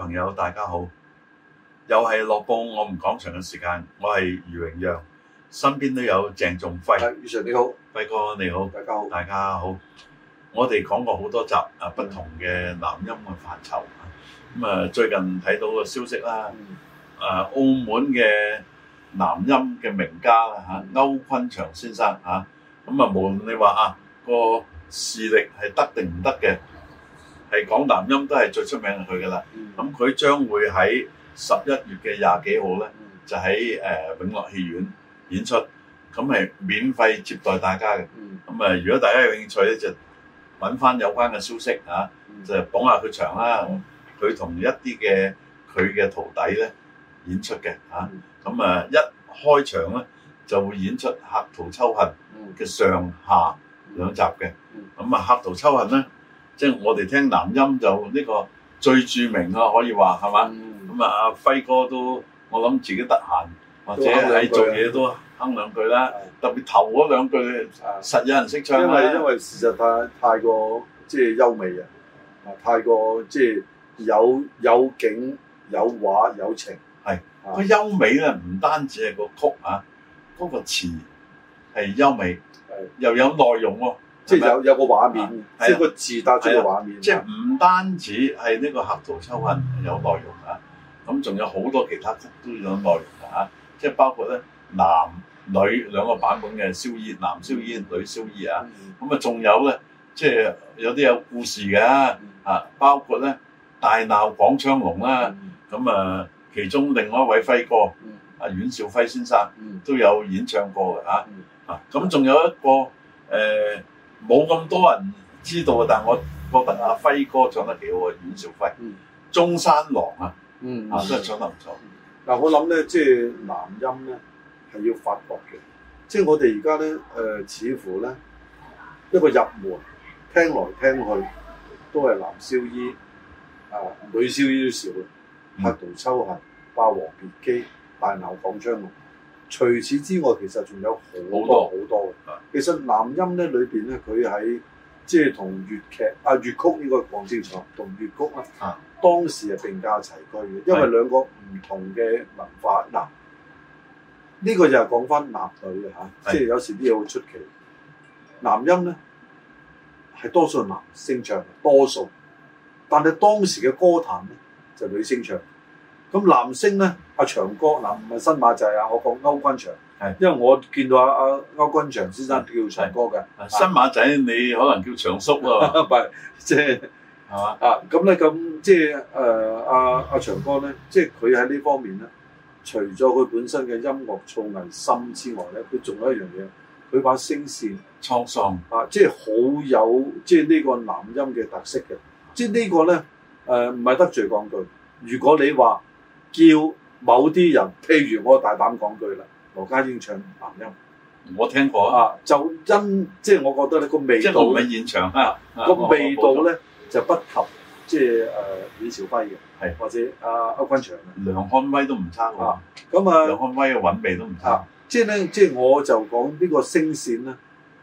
朋友，大家好，又係樂報我哋講場嘅時間，我係余榮陽，身邊都有鄭仲輝。余常，你好，輝哥你好，大家好，大家好。我哋講過好多集啊，不同嘅南音嘅範疇。咁啊，最近睇到個消息啦，啊，澳門嘅南音嘅名家啦吓，歐坤祥先生吓，咁啊，無論你話啊，個視力係得定唔得嘅。係講南音都係最出名係佢㗎啦，咁佢將會喺十一月嘅廿幾號咧，就喺誒永樂戲院演出，咁係免費接待大家嘅。咁啊，如果大家有興趣咧，就揾翻有關嘅消息嚇，就係捧下佢場啦。佢同一啲嘅佢嘅徒弟咧演出嘅嚇，咁啊一開場咧就會演出《客途秋恨》嘅上下兩集嘅，咁啊《客途秋恨》咧。即係我哋聽南音就呢個最著名咯、啊，可以話係嘛？咁、mm hmm. 啊，輝哥都我諗自己得閒或者你做嘢都哼兩句啦。的特別頭嗰兩句實的有人識唱、啊、因為因為事實太太過即係優美啊，太過即係有有景有畫有情係。個的的優美咧唔單止係個曲啊，嗰、那個詞係優美的，又有內容喎、啊。即係有有個畫面，即係個字帶出個畫面。即係唔單止係呢個客途秋恨有內容啊，咁仲有好多其他都有內容啊。即係包括咧男女兩個版本嘅燒衣，男燒衣，女燒衣啊。咁啊，仲有咧，即係有啲有故事嘅啊。包括咧大鬧廣昌隆啦，咁啊，其中另外一位輝哥，阿阮兆輝先生都有演唱過嘅嚇啊。咁仲有一個誒。冇咁多人知道啊，但我覺得阿輝哥唱得幾好啊，阮兆輝、嗯、中山狼、嗯、啊，啊都係唱得唔錯。嗱、嗯，我諗咧，即係南音咧係要發覺嘅，即係我哋而家咧誒，似乎咧一個入門聽來聽去都係男燒衣啊，女、呃、燒衣少，客途秋恨、霸王別姬、大鬧廣昌隆。除此之外，其實仲有好多好多嘅。多其實南音咧裏邊咧，佢喺即係同粵劇啊、粵曲應該講清楚，同粵曲啊，曲曲啊當時係並駕齊驅嘅，因為兩個唔同嘅文化。嗱是，呢、這個就係講翻男女嘅嚇，啊、是即係有時啲嘢好出奇。南音咧係多數男聲唱，多數，但係當時嘅歌壇咧就是、女聲唱。咁男聲咧，阿長哥嗱，唔係新馬仔、就、啊、是，我講歐君祥，是因為我見到阿阿歐君祥先生是叫長哥嘅，新馬仔你可能叫長叔、 就是、啊，唔係即係係嘛啊？咁咧咁即係誒阿阿長哥咧，即係佢喺呢方面咧，除咗佢本身嘅音樂創藝心之外咧，佢仲有一樣嘢，佢把聲線滄桑喪啊，即係好有即係呢個男音嘅特色嘅，即係呢個咧誒唔係得罪講句，如果你話。叫某啲人，譬如我大膽講句啦，羅家英唱南音，我聽過啊，就因即係我覺得呢個味道唔喺現場啊，個味道咧就不及即係誒李朝輝嘅，係或者阿歐君祥啊，梁漢威都唔差咁啊，梁漢威嘅韻味都唔差，即係咧，即係我就講呢個聲線咧，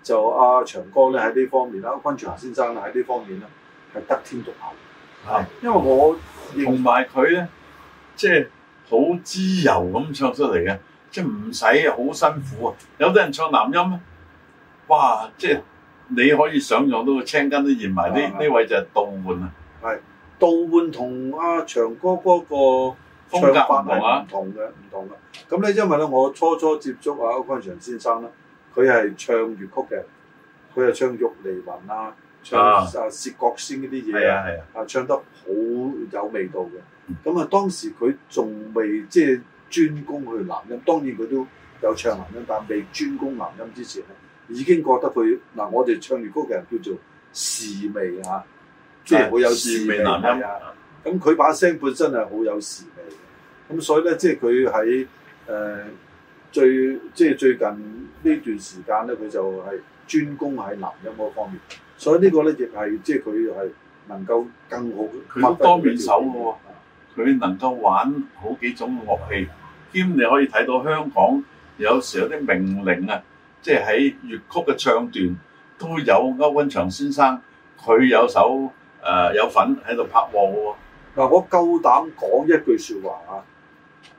就阿、啊、長江咧喺呢方面啦，歐君祥先生喺呢方面咧係得天獨厚，係因為我同埋佢咧。即係好自由咁唱出嚟嘅，即係唔使好辛苦啊！有啲人唱南音咧，哇！即係你可以想象到青筋都現埋，呢呢、嗯、位就係杜煥啊。係杜煥同阿祥哥嗰個風格唔同啊，唔同嘅，唔同嘅。咁咧，因為咧，我初初接觸阿區均祥先生咧，佢係唱粵曲嘅，佢係唱玉、啊《玉梨魂》啦。唱啊，啊，薛覺先嗰啲嘢啊，啊，啊，啊唱得好有味道嘅。咁啊，當時佢仲未即係專攻去南音，當然佢都有唱南音，但未專攻南音之前咧，已經覺得佢嗱、啊，我哋唱粵曲嘅人叫做時味啊，即係好有時味、啊、味南音啊。咁佢把聲本身係好有時味嘅，咁所以咧，即係佢喺誒最即係、就是、最近呢段時間咧，佢就係專攻喺南音嗰方面。所以呢個咧，亦係即係佢係能夠更好。佢好多面手喎，佢、嗯、能夠玩好幾種樂器。兼、嗯、你可以睇到香港有時有啲命令啊，即係喺粵曲嘅唱段都有歐運祥先生，佢有首誒、呃、有份喺度拍和喎。嗱、嗯，我夠膽講一句説話啊！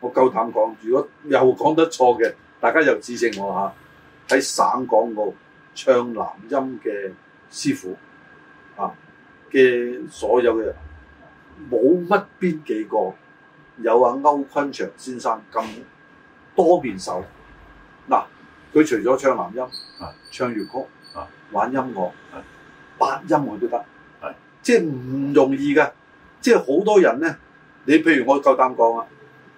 我夠膽講，如果又講得錯嘅，大家又指正我嚇。喺省港澳唱南音嘅，師傅啊嘅所有嘅人，冇乜邊幾個有啊歐坤祥先生咁多面手？嗱，佢除咗唱南音啊、唱粵曲啊、玩音樂啊，八音佢都得，係即係唔容易嘅。即係好多人咧，你譬如我夠膽講啊，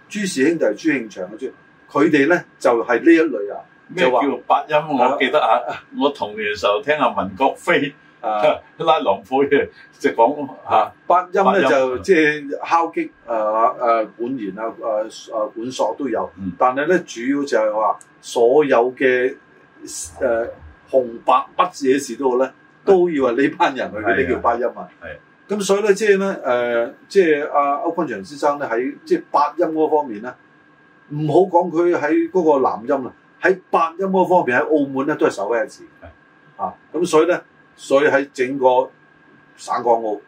朱氏兄弟朱慶祥嘅朱，佢哋咧就係、是、呢一類啊。咩叫八音？啊、我記得啊，我童年時候聽阿文國飛啊拉郎配 啊，就講嚇八音咧，就即係敲擊誒誒管弦啊誒誒管索都有，嗯、但係咧主要就係話所有嘅誒、呃、紅白不惹事都好咧，都要係呢班人去嗰啲叫八音啊。係咁的，的所以咧即係咧誒，即係阿區均祥先生咧喺即係八音嗰方面咧，唔好講佢喺嗰個南音啊。喺八音嗰方面喺澳門咧都係首屈一指，的啊咁所以咧，所以喺整個省港澳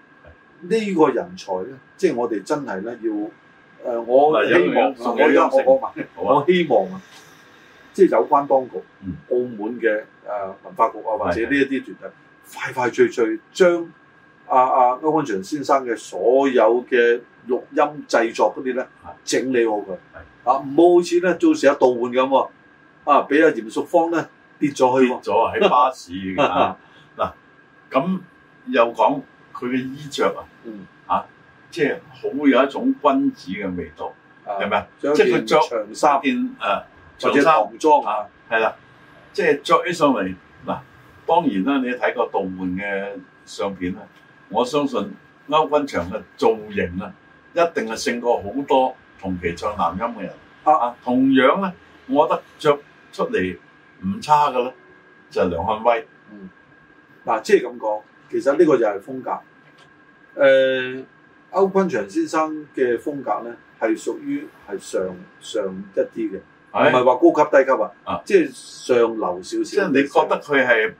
呢的個人才咧，即係我哋真係咧要誒、呃，我希望我我我問，嗯嗯、我希望啊的，即係有關當局、澳門嘅誒、呃、文化局啊，或者呢一啲團體，的快快脆脆將阿阿歐文祥先生嘅所有嘅錄音製作嗰啲咧，整理好佢，啊唔好似咧做成一盜換咁喎。的啊，俾阿嚴淑芳咧跌咗去，跌咗喺巴士、啊。嗱、啊，咁又講佢嘅衣着啊，啊，即係好有一種君子嘅味道，係咪？即係着長衫，件誒長衫啊，係啦，即係着起上嚟。嗱，當然啦，你睇過杜門嘅相片啦，我相信區均祥嘅造型啊，一定係勝過好多同期唱男音嘅人。啊，啊，同樣咧，我覺得着。出嚟唔差㗎啦，就係、梁漢威。嗱、嗯啊，即係咁講，其實呢個就係風格。誒、呃，區均祥先生嘅風格咧，係屬於係上上一啲嘅，唔係話高級低級啊。即係上流少少。即係你覺得佢係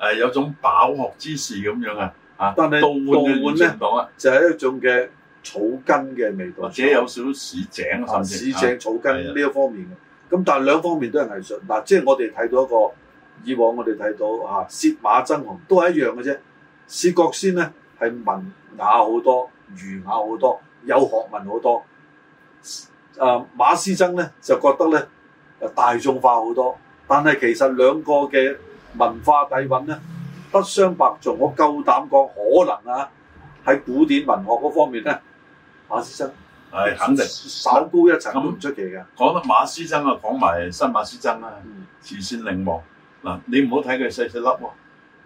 誒有種飽學之士咁樣啊？但係杜煥咧就係一種嘅草根嘅味道，或者有少少市井甚至市井草根呢一方面。啊嗯嗯咁但係兩方面都係藝術嗱，即係我哋睇到一個以往我哋睇到吓，啊、薛馬爭雄都係一樣嘅啫。薛覺先咧係文雅好多，儒雅好多，有學問好多。誒、啊、馬師曾咧就覺得咧誒大眾化好多，但係其實兩個嘅文化底藴咧不相伯仲，我夠膽講可能啊喺古典文學嗰方面咧，馬師曾。係、哎、肯定，稍高一層咁唔出奇嘅。講得那那馬思珍馬師曾啊，講埋新馬師曾啦，嗯、慈善伶王嗱、啊，你唔好睇佢細細粒喎，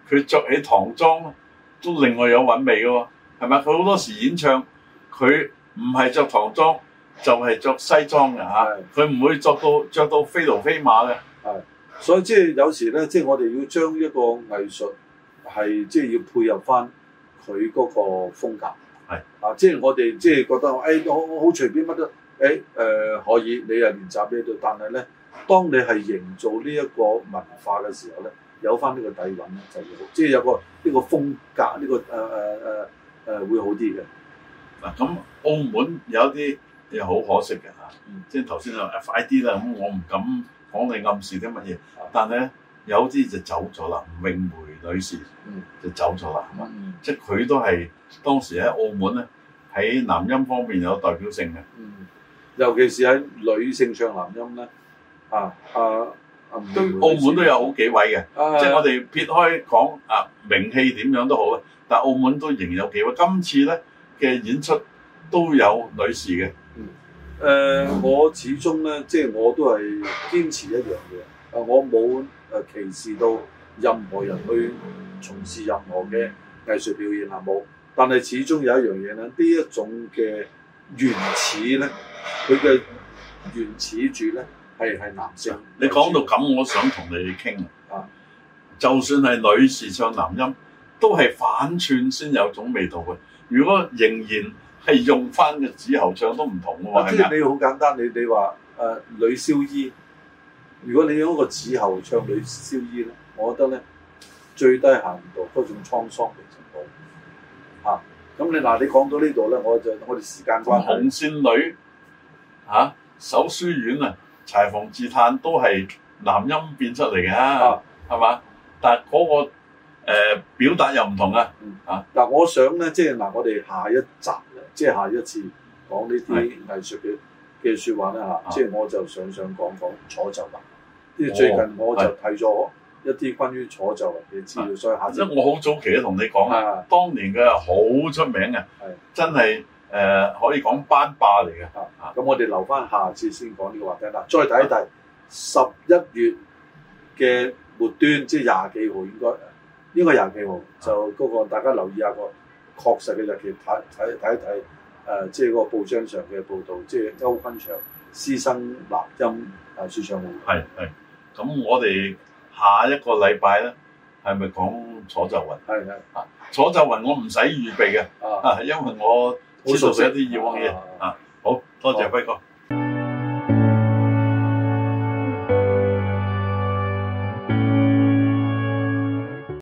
佢、啊、着起唐裝都另外有韻味嘅喎，係咪？佢好多時演唱，佢唔係着唐裝就係、是、着西裝嘅嚇，佢、啊、唔的會著到著到非驢非馬嘅。係，所以即係有時咧，即、就、係、是、我哋要將一個藝術係即係要配合翻佢嗰個風格。嗱是、啊，即係我哋即係覺得，誒、哎，我我好隨便乜都，誒、哎，誒、呃、可以，你又練習咩都，但係咧，當你係營造呢一個文化嘅時候咧，有翻呢個底蘊咧，就係好，即係有個呢、這個風格，呢、這個誒誒誒誒會好啲嘅。嗱、啊，咁澳門有一啲又好可惜嘅嚇、嗯，即係頭先話快啲啦，咁、啊、我唔敢講你暗示啲乜嘢，但係咧有啲就走咗啦，吳詠梅。女士、嗯、就走咗啦，係嘛、嗯？即係佢都係當時喺澳門咧，喺男音方面有代表性嘅、嗯。尤其是喺女性唱男音咧、啊啊，啊啊，都澳門都有好幾位嘅。啊、即係我哋撇開講啊，名氣點樣都好啊。但係澳門都仍然有幾位。今次咧嘅演出都有女士嘅。誒、嗯，呃嗯、我始終咧，即、就、係、是、我都係堅持一樣嘢，啊，我冇誒歧視到。任何人去從事任何嘅藝術表演係冇，但係始終有一樣嘢咧，呢一種嘅原始咧，佢嘅原始住咧係係男性。你講到咁，嗯、我想同你哋傾啊。就算係女士唱男音，都係反串先有種味道嘅。如果仍然係用返嘅子喉唱都唔同喎。即係你好簡單，你你話誒女燒衣，如果你用個子喉唱女燒衣咧？我覺得咧最低限度都仲滄桑嘅程度嚇，咁、啊、你嗱、啊、你講到呢度咧，我就我哋時間關，紅、嗯、線女嚇守、啊、書院》、《啊，柴房自嘆都係南音變出嚟嘅啊，係嘛？但係嗰、那個、呃、表達又唔同啊，嚇、嗯！嗱、啊，我想咧，即係嗱，我哋下一集即係、就是、下一次講呢啲藝術嘅嘅説話咧嚇，即係是的 我就想想講講坐就話，因為最近我就睇咗。啊一啲關於坐就嘅資料，所以下次，即係我好早期都同你講，當年嘅好出名嘅，真係誒可以講班霸嚟嘅嚇。咁我哋留翻下次先講呢個話題啦。再睇一睇十一月嘅末端，即係廿幾號應該應該廿幾號，就嗰個大家留意下個確實嘅日期，睇睇睇一睇誒，即係嗰個報章上嘅報導，即係區均祥師生南音大師唱會。係係，咁我哋。下一個禮拜咧，係咪講坐就雲？係的啊，坐就雲我唔使預備嘅啊，因為我好熟悉一啲以往嘅嘢啊，好多謝輝好哥。